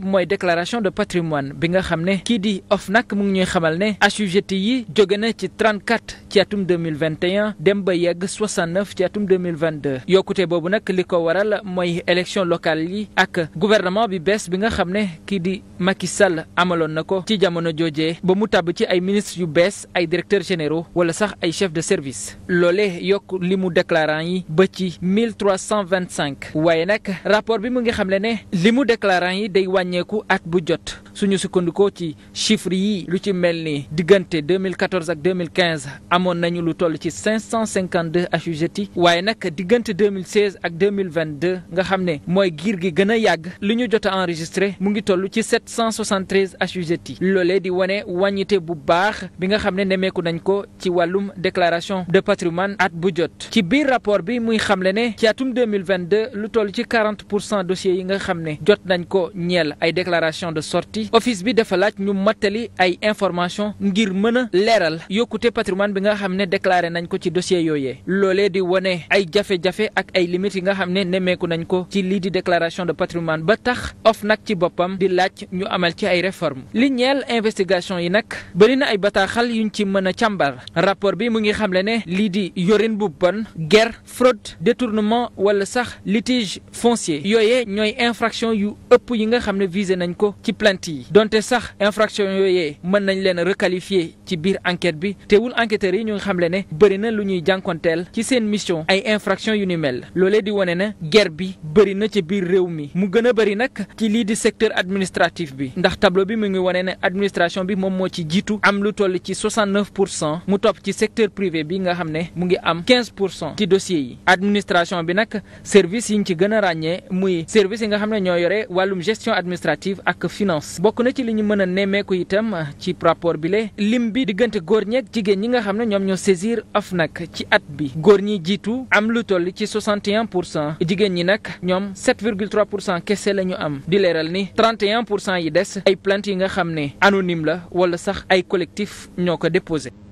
mooy déclaration de patrimoine bi nga xam ne kii di OFNAC mu ngi ñuy xamal ne assujetti yi jóge na ci 34 ci atum 2021 dem ba yegg 69 ci atum 2022 yokkute boobu nag li ko waral mooy élection locale yi ak gouvernement bi bees bi nga xam ne kii di Macky Sall amaloon na ko ci jamono joojee ba mu tàbb ci ay ministres yu bees ay directeurs générau wala sax ay chef de service loole yokk li mu déclarant yi ba ci 1325 waaye nag rapport bi mu ngi xamle ne li mu déclarant yi day wàññeeku at bu jot suñu sukkandikoo ci chiffre yi lu ci mel ni diggante 2014 ak 2015 amoon nañu lu toll ci 552 assujettis waaye nag diggante 2016 ak 2022 nga xam ne mooy giir gi gën a yàgg li ñu jot a enregistré mu ngi toll ci 773 assujettis loolee di wane wàññite bu baax bi nga xam ne nemmeeku nañ ko ci wàllum déclaration de patrimoine at bu jot ci biir rapport bi muy xamle ne ci atum 2022 lu toll ci 40 pour cent dossiers yi nga xam ne jot nañ ko ñeel ay déclaration de sortie office bi dafa laaj ñu mattali ay information ngir mën a leeral yokkute patrimoine bi nga xam ne déclaré nañ ko ci dossier yooyee loolee di wone ay jafe-jafe ak ay limites yi nga xam ne nemmeeku nañ ko ci lii di déclaration de patrimoine ba tax of nag ci boppam di laaj ñu amal ci ay réformes li ñeel investigation yi nag bëri na ay bataaxal ñu ci mën a càmbar rapport bi mu ngi xam ne ne lii di yorin bu bon guerre fraude détournement wala sax litige foncier yooyee ñooy infraction yu ëpp yi nga xam xam ne visé ko ci plainte yi donte sax infraction yooyee mën nañ leen requalifier ci biir enquête bi teewul enquêteurs yi ñu ngi xamle ne bëri na lu ñuy jànkonteel ci seen mission ay infraction yu ni mel loolee di wone na guerre bi bëri na ci biir réew mi mu gën a bëri nag ci lii di secteur administratif bi ndax tableau bi mu ngi wane ne administration bi moom moo ci jiitu am lu toll ci 69 pour cent mu topp ci secteur privé bi nga xam ne mu ngi am 15 pour cent ci dossiers yi administration bi nag service yi ñu ci gën a ràññee muy service yi nga xam administrative ak finance bokk na ci li ñu mën a nemmeeku itam ci rapport bi le lim bi diggante góor ñeek jigéen ñi nga xam ne ñoom ñoo saisir nag ci at bi góor ñi jiitu am lu toll ci 61 pour cent jigéen ñi nag ñoom 7,3 pour cent kese la ñu am di leeral ni 31 pour cent yi des ay plaintes yi nga xam ne anonyme la wala sax ay collectif ñoo ko déposé